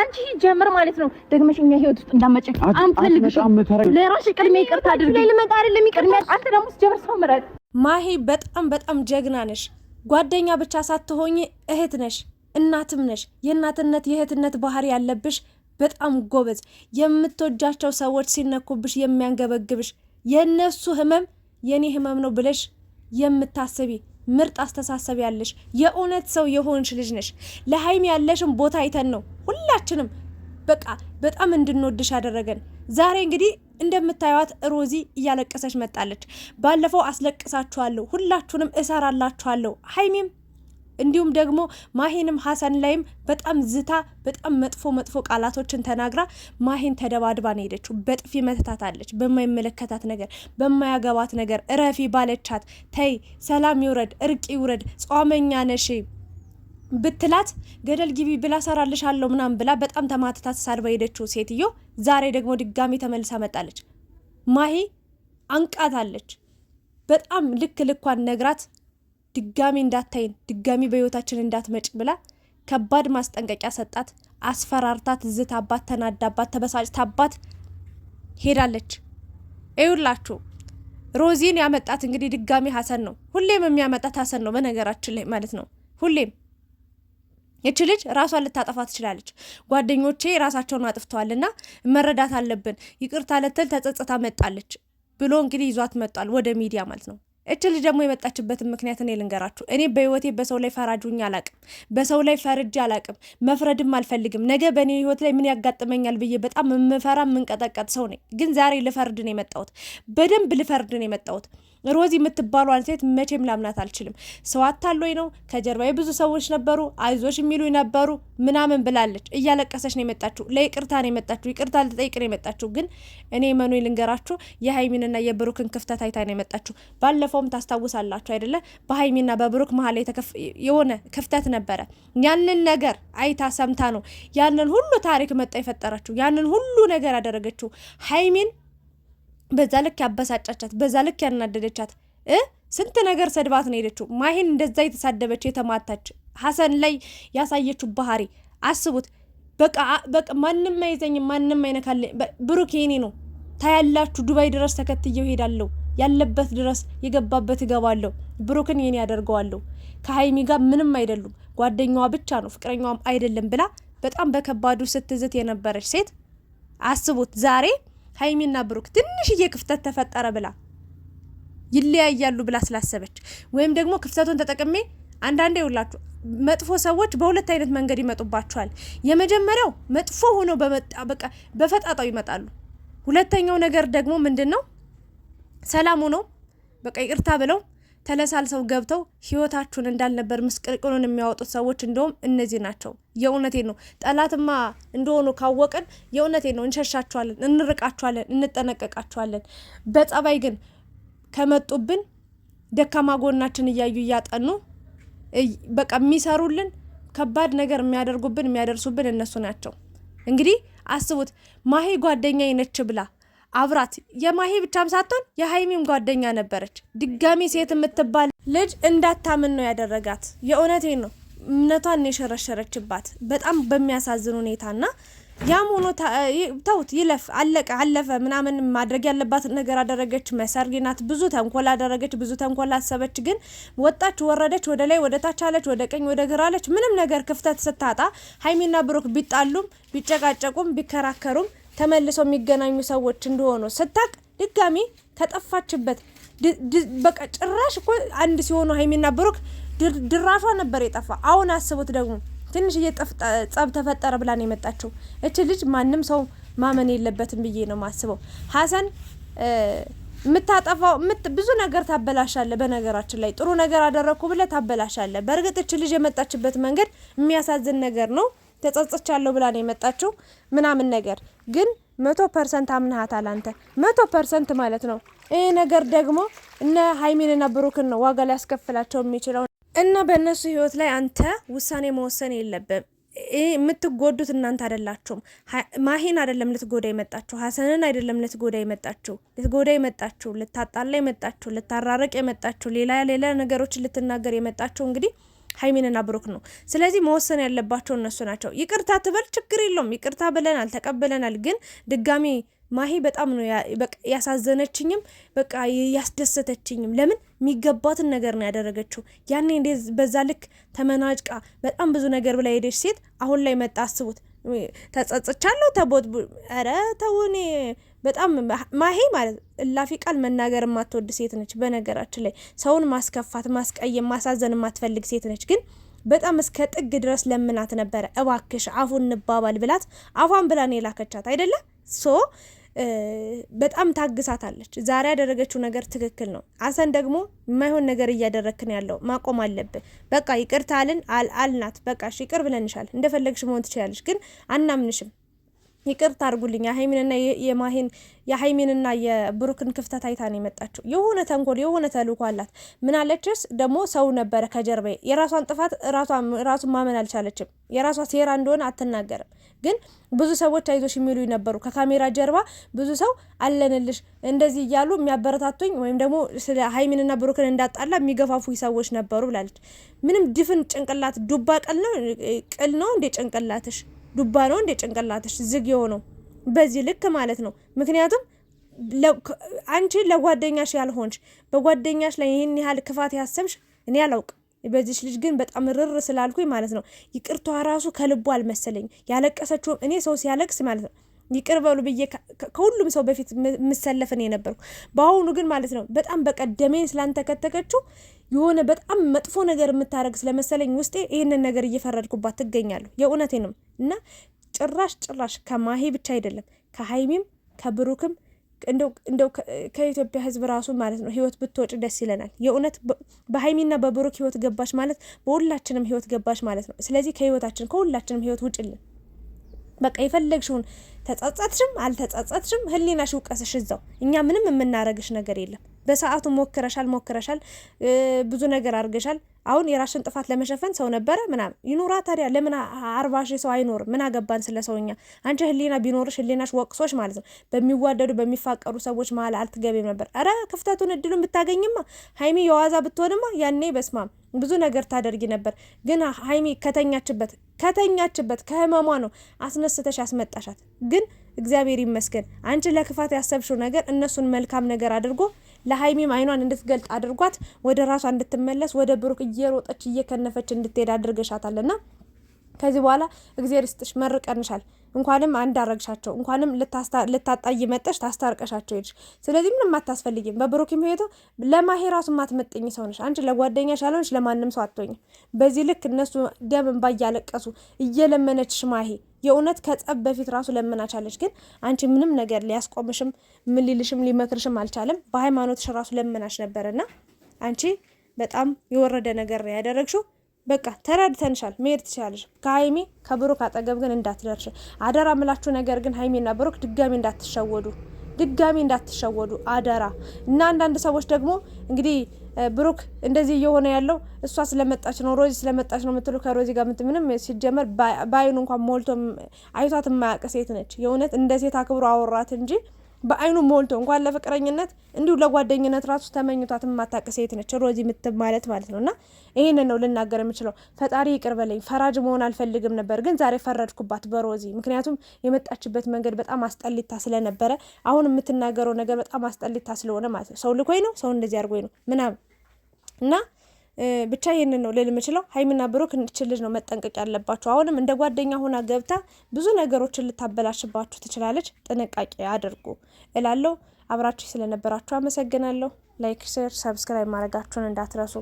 አንቺ ጀምር ማለት ነው። ደግመሽ እኛ ህይወት ውስጥ እንዳመጭ አንፈልግሽም። ለራስሽ ቅድሚያ ይቅርታ አድርጊ። ልመጣ አይደለም ይቅርታ። አንተ ደግሞ ጀምር ሰው ምረጥ። ማሂ በጣም በጣም ጀግና ነሽ። ጓደኛ ብቻ ሳትሆኝ እህት ነሽ፣ እናትም ነሽ። የእናትነት የእህትነት ባህሪ ያለብሽ በጣም ጎበዝ። የምትወጃቸው ሰዎች ሲነኩብሽ የሚያንገበግብሽ የእነሱ ህመም የኔ ህመም ነው ብለሽ የምታስቢ ምርጥ አስተሳሰብ ያለሽ የእውነት ሰው የሆንሽ ልጅ ነሽ። ለሀይሚ ያለሽን ቦታ አይተን ነው ሁላችንም በቃ በጣም እንድንወድሽ ያደረገን። ዛሬ እንግዲህ እንደምታዩት ሮዚ እያለቀሰች መጣለች። ባለፈው አስለቅሳችኋለሁ፣ ሁላችሁንም እሰራላችኋለሁ ሀይሚም እንዲሁም ደግሞ ማሄንም ሀሰን ላይም በጣም ዝታ በጣም መጥፎ መጥፎ ቃላቶችን ተናግራ ማሂን ተደባድባ ነው ሄደችው። በጥፊ መትታታለች። በማይመለከታት ነገር፣ በማያገባት ነገር እረፊ ባለቻት ተይ፣ ሰላም ይውረድ፣ እርቅ ይውረድ፣ ጾመኛ ነሽ ብትላት ገደል ግቢ ብላ አለው ምናምን ብላ በጣም ተማትታ ተሳድባ ሄደችው ሴትዮ። ዛሬ ደግሞ ድጋሚ ተመልሳ መጣለች። ማሂ አንቃታለች። በጣም ልክ ልኳን ነግራት ድጋሚ እንዳታይን ድጋሚ በህይወታችን እንዳትመጭ ብላ ከባድ ማስጠንቀቂያ ሰጣት። አስፈራርታት፣ አባት ተናዳባት፣ አባት ሄዳለች። ይውላችሁ ሮዚን ያመጣት እንግዲህ ድጋሚ ሀሰን ነው። ሁሌም የሚያመጣት ሀሰን ነው፣ በነገራችን ላይ ማለት ነው። ሁሌም ይች ልጅ ራሷን ልታጠፋ ትችላለች። ጓደኞቼ ራሳቸውን አጥፍተዋልና መረዳት አለብን፣ ይቅርታ ልትል ተጸጽታ መጣለች ብሎ እንግዲህ ይዟት መጧል ወደ ሚዲያ ማለት ነው። እች ልጅ ደግሞ የመጣችበትን ምክንያት እኔ ልንገራችሁ። እኔ በህይወቴ በሰው ላይ ፈራጁኝ አላቅም። በሰው ላይ ፈርጅ አላቅም። መፍረድም አልፈልግም። ነገ በእኔ ህይወት ላይ ምን ያጋጥመኛል ብዬ በጣም የምፈራ የምንቀጠቀጥ ሰው ነኝ። ግን ዛሬ ልፈርድ ነው የመጣሁት። በደንብ ልፈርድ ነው የመጣሁት። ሮዚ የምትባሏን ሴት መቼም ላምናት አልችልም። ሰው አታሎኝ ነው፣ ከጀርባ ብዙ ሰዎች ነበሩ፣ አይዞሽ የሚሉ ነበሩ ምናምን ብላለች። እያለቀሰች ነው የመጣችሁ፣ ለይቅርታ ነው የመጣችሁ፣ ይቅርታ ልጠይቅ ነው የመጣችሁ። ግን እኔ መኑ ልንገራችሁ፣ የሀይሚንና የብሩክን ክፍተት አይታ ነው የመጣችሁ። ባለፈውም ታስታውሳላችሁ አይደለ? በሀይሚና በብሩክ መሀል የሆነ ክፍተት ነበረ። ያንን ነገር አይታ ሰምታ ነው ያንን ሁሉ ታሪክ መጣ የፈጠራችሁ፣ ያንን ሁሉ ነገር ያደረገችው ሀይሚን በዛ ልክ ያበሳጫቻት፣ በዛ ልክ ያናደደቻት እ ስንት ነገር ሰድባት ነው ሄደችው። ማሂን እንደዛ የተሳደበች የተማታች ሀሰን ላይ ያሳየችው ባህሪ አስቡት። በቃ በቃ ማንም አይዘኝም፣ ማንም አይነካል። ብሩክ የኔ ነው ታያላችሁ። ዱባይ ድረስ ተከትየው ሄዳለሁ፣ ያለበት ድረስ የገባበት እገባለሁ፣ ብሩክን የኔ ያደርገዋለሁ። ከሀይሚ ጋር ምንም አይደሉም፣ ጓደኛዋ ብቻ ነው ፍቅረኛዋም አይደለም ብላ በጣም በከባዱ ስትዝት የነበረች ሴት አስቡት ዛሬ ሀይሚና ብሩክ ትንሽዬ ክፍተት ተፈጠረ ብላ ይለያያሉ ብላ ስላሰበች ወይም ደግሞ ክፍተቱን ተጠቅሜ አንዳንዴ ይውላችሁ መጥፎ ሰዎች በሁለት አይነት መንገድ ይመጡባቸዋል። የመጀመሪያው መጥፎ ሆኖ በቃ በፈጣጣው ይመጣሉ። ሁለተኛው ነገር ደግሞ ምንድን ነው? ሰላም ሆኖ በቃ ይቅርታ ብለው ተለሳልሰው ገብተው ህይወታችሁን እንዳልነበር ምስቅልቅሉን የሚያወጡት ሰዎች እንደውም እነዚህ ናቸው። የእውነቴ ነው። ጠላትማ እንደሆኑ ካወቅን የእውነቴ ነው እንሸሻችኋለን፣ እንርቃችኋለን፣ እንጠነቀቃችኋለን። በጸባይ ግን ከመጡብን ደካማ ጎናችን እያዩ እያጠኑ በቃ የሚሰሩልን ከባድ ነገር የሚያደርጉብን የሚያደርሱብን እነሱ ናቸው። እንግዲህ አስቡት ማሄ ጓደኛዬ ነች ብላ አብራት የማሄ ብቻም ሳትሆን የሀይሚም ጓደኛ ነበረች። ድጋሚ ሴት የምትባል ልጅ እንዳታምን ነው ያደረጋት። የእውነቴን ነው እምነቷን የሸረሸረችባት በጣም በሚያሳዝን ሁኔታና ያም ሆኖ ተውት፣ ይለፍ፣ አለቀ፣ አለፈ ምናምን ማድረግ ያለባትን ነገር አደረገች። መሰርጌ ናት። ብዙ ተንኮል አደረገች፣ ብዙ ተንኮል አሰበች። ግን ወጣች፣ ወረደች፣ ወደ ላይ ወደ ታች አለች፣ ወደ ቀኝ ወደ ግራ አለች። ምንም ነገር ክፍተት ስታጣ ሀይሚና ብሩክ ቢጣሉም ቢጨቃጨቁም ቢከራከሩም ተመልሰው የሚገናኙ ሰዎች እንደሆኑ ስታቅ ድጋሚ ከጠፋችበት በቃ ጭራሽ እኮ አንድ ሲሆኑ ሀይሚና ብሩክ ድራሿ ነበር የጠፋ። አሁን አስቡት ደግሞ ትንሽ ጸብ ተፈጠረ ብላ ነው የመጣችው እች ልጅ። ማንም ሰው ማመን የለበትም ብዬ ነው ማስበው። ሀሰን የምታጠፋው ብዙ ነገር ታበላሻለ። በነገራችን ላይ ጥሩ ነገር አደረግኩ ብለ ታበላሻለ። በእርግጥ እች ልጅ የመጣችበት መንገድ የሚያሳዝን ነገር ነው። ተጸጽቻለሁ ብላ ነው የመጣችው ምናምን ነገር ግን መቶ ፐርሰንት አምናሃታል አንተ መቶ ፐርሰንት ማለት ነው። ይህ ነገር ደግሞ እነ ሀይሚንና ብሩክን ነው ዋጋ ሊያስከፍላቸው የሚችለው እና በእነሱ ህይወት ላይ አንተ ውሳኔ መወሰን የለብም። የምትጎዱት እናንተ አይደላችሁም። ማሂን አይደለም ልትጎዳ የመጣችሁ፣ ሀሰንን አይደለም ልትጎዳ የመጣችሁ። ልትጎዳ የመጣችሁ፣ ልታጣላ የመጣችሁ፣ ልታራረቅ የመጣችሁ፣ ሌላ ሌላ ነገሮች ልትናገር የመጣችሁ እንግዲህ ሀይሚንና ብሩክ ነው። ስለዚህ መወሰን ያለባቸው እነሱ ናቸው። ይቅርታ ትበል ችግር የለውም ይቅርታ ብለናል፣ ተቀብለናል። ግን ድጋሚ ማሂ በጣም ነው ያሳዘነችኝም በቃ ያስደሰተችኝም። ለምን የሚገባትን ነገር ነው ያደረገችው። ያኔ እንደ በዛ ልክ ተመናጭቃ በጣም ብዙ ነገር ብላ ሄደች ሴት አሁን ላይ መጣ። አስቡት ተጸጽቻለሁ ተቦት ኧረ ተውኔ በጣም ማሄ ማለት እላፊ ቃል መናገር የማትወድ ሴት ነች። በነገራችን ላይ ሰውን ማስከፋት፣ ማስቀየም፣ ማሳዘን የማትፈልግ ሴት ነች ግን በጣም እስከ ጥግ ድረስ ለምናት ነበረ። እባክሽ አፉን እንባባል ብላት አፏን ብላን የላከቻት አይደለም። ሶ በጣም ታግሳታለች። ዛሬ ያደረገችው ነገር ትክክል ነው። አሰን ደግሞ የማይሆን ነገር እያደረክን ያለው ማቆም አለብን። በቃ ይቅርታልን አልናት። በቃ ይቅር ብለንሻል፣ እንደፈለግሽ መሆን ትችላለች፣ ግን አናምንሽም ይቅርታ አድርጉልኝ የሀይሚንና የማሄን የሀይሚንና የብሩክን ክፍተት አይታ ነው የመጣችው። የሆነ ተንኮል የሆነ ተልእኮ አላት። ምን አለችስ ደግሞ ሰው ነበረ ከጀርባ። የራሷን ጥፋት ራሱን ማመን አልቻለችም። የራሷ ሴራ እንደሆነ አትናገርም። ግን ብዙ ሰዎች አይዞሽ የሚሉ ነበሩ። ከካሜራ ጀርባ ብዙ ሰው አለንልሽ እንደዚህ እያሉ የሚያበረታቱኝ ወይም ደግሞ ስለ ሀይሚንና ብሩክን እንዳጣላ የሚገፋፉ ሰዎች ነበሩ ብላለች። ምንም ድፍን ጭንቅላት ዱባ ቅል ነው ቅል ነው እንዴ ጭንቅላትሽ ዱባ ነው እንደ ጭንቅላትሽ ዝግ የሆነው በዚህ ልክ ማለት ነው። ምክንያቱም አንቺ ለጓደኛሽ ያልሆንሽ በጓደኛሽ ላይ ይህን ያህል ክፋት ያሰብሽ እኔ አላውቅ በዚች ልጅ ግን በጣም ርር ስላልኩኝ ማለት ነው ይቅርቷ ራሱ ከልቡ አልመሰለኝ። ያለቀሰችውም እኔ ሰው ሲያለቅስ ማለት ነው ይቅር በሉ ብዬ ከሁሉም ሰው በፊት የምሰለፍ እኔ ነበርኩ። በአሁኑ ግን ማለት ነው በጣም በቀደሜን ስላንተከተከችው የሆነ በጣም መጥፎ ነገር የምታደረግ ስለመሰለኝ ውስጤ ይህንን ነገር እየፈረድኩባት ትገኛለሁ። የእውነቴ ነው። እና ጭራሽ ጭራሽ ከማሄ ብቻ አይደለም ከሀይሚም ከብሩክም እንደው ከኢትዮጵያ ሕዝብ ራሱ ማለት ነው ህይወት ብትወጭ ደስ ይለናል። የእውነት በሀይሚና በብሩክ ህይወት ገባሽ ማለት በሁላችንም ህይወት ገባሽ ማለት ነው። ስለዚህ ከህይወታችን ከሁላችንም ህይወት ውጭልን። በቃ የፈለግሽውን ተጸጸትሽም አልተጸጸትሽም ህሊናሽ ውቀስሽ እዛው። እኛ ምንም የምናረግሽ ነገር የለም። በሰዓቱ ሞክረሻል ሞክረሻል ብዙ ነገር አድርገሻል። አሁን የራሽን ጥፋት ለመሸፈን ሰው ነበረ ምናምን ይኑራ ታዲያ ለምን አርባ ሺህ ሰው አይኖርም? ምን አገባን ስለ ሰውኛ። አንቺ ህሊና ቢኖርሽ ህሊናሽ ወቅሶች ማለት ነው። በሚዋደዱ በሚፋቀሩ ሰዎች መሀል አልትገቢም ነበር። ኧረ ክፍተቱን እድሉን ብታገኝማ ሀይሚ የዋዛ ብትሆንማ ያኔ በስማም ብዙ ነገር ታደርጊ ነበር። ግን ሀይሚ ከተኛችበት ከተኛችበት ከህመሟ ነው አስነስተሽ ያስመጣሻት። ግን እግዚአብሔር ይመስገን አንቺ ለክፋት ያሰብሽው ነገር እነሱን መልካም ነገር አድርጎ ለሀይሚም አይኗን እንድትገልጥ አድርጓት ወደ ራሷ እንድትመለስ ወደ ብሩክ እየሮጠች እየከነፈች እንድትሄድ አድርገሻታልና ከዚህ በኋላ እግዜር ስጥሽ መርቀንሻል። እንኳንም አንድ አረግሻቸው፣ እንኳንም ልታጣይ መጠሽ ታስታርቀሻቸው ሄድሽ። ስለዚህ ምንም አታስፈልጊም። በብሩክም የሚሄቱ ለማሄ ራሱ ማትመጥኝ ሰው ነሽ አንቺ። ለጓደኛሽ ያልሆንሽ ለማንም ሰው አትሆኝም። በዚህ ልክ እነሱ ደም እንባ እያለቀሱ እየለመነችሽ ማሄ የእውነት ከጸብ በፊት ራሱ ለመናቻለች። ግን አንቺ ምንም ነገር ሊያስቆምሽም ምን ሊልሽም ሊመክርሽም አልቻለም። በሃይማኖትሽ ራሱ ለመናች ነበርና አንቺ በጣም የወረደ ነገር ያደረግሽው። በቃ ተረድተንሻል፣ መሄድ ትችላለሽ። ከሀይሚ ከብሩክ አጠገብ ግን እንዳትደርሽ አደራ ምላችሁ። ነገር ግን ሀይሚና ብሩክ ድጋሚ እንዳትሸወዱ፣ ድጋሚ እንዳትሸወዱ አደራ። እና አንዳንድ ሰዎች ደግሞ እንግዲህ ብሩክ እንደዚህ እየሆነ ያለው እሷ ስለመጣች ነው፣ ሮዚ ስለመጣች ነው የምትሉ ከሮዚ ጋር ምንም ሲጀመር በአይኑ እንኳን ሞልቶ አይቷት የማያውቅ ሴት ነች። የእውነት እንደ ሴት አክብሮ አወራት እንጂ በአይኑ ሞልቶ እንኳን ለፍቅረኝነት እንዲሁ ለጓደኝነት ራሱ ተመኝቷት የማታውቅ ሴት ነች ሮዚ ምትብ ማለት ማለት ነው። እና ይህንን ነው ልናገር የምችለው። ፈጣሪ ይቅር በለኝ። ፈራጅ መሆን አልፈልግም ነበር፣ ግን ዛሬ ፈረድኩባት በሮዚ ምክንያቱም የመጣችበት መንገድ በጣም አስጠሊታ ስለነበረ አሁን የምትናገረው ነገር በጣም አስጠሊታ ስለሆነ ማለት ነው። ሰው ልኮኝ ነው ሰው እንደዚህ አድርጎኝ ነው ምናምን እና ብቻ ይህንን ነው ልል የምችለው። ሀይሚና ብሩክ እንችን ልጅ ነው መጠንቀቅ ያለባቸው። አሁንም እንደ ጓደኛ ሆና ገብታ ብዙ ነገሮችን ልታበላሽባችሁ ትችላለች። ጥንቃቄ አድርጉ እላለሁ። አብራችሁ ስለነበራችሁ አመሰግናለሁ። ላይክ፣ ሼር፣ ሰብስክራይብ ማድረጋችሁን እንዳትረሱ።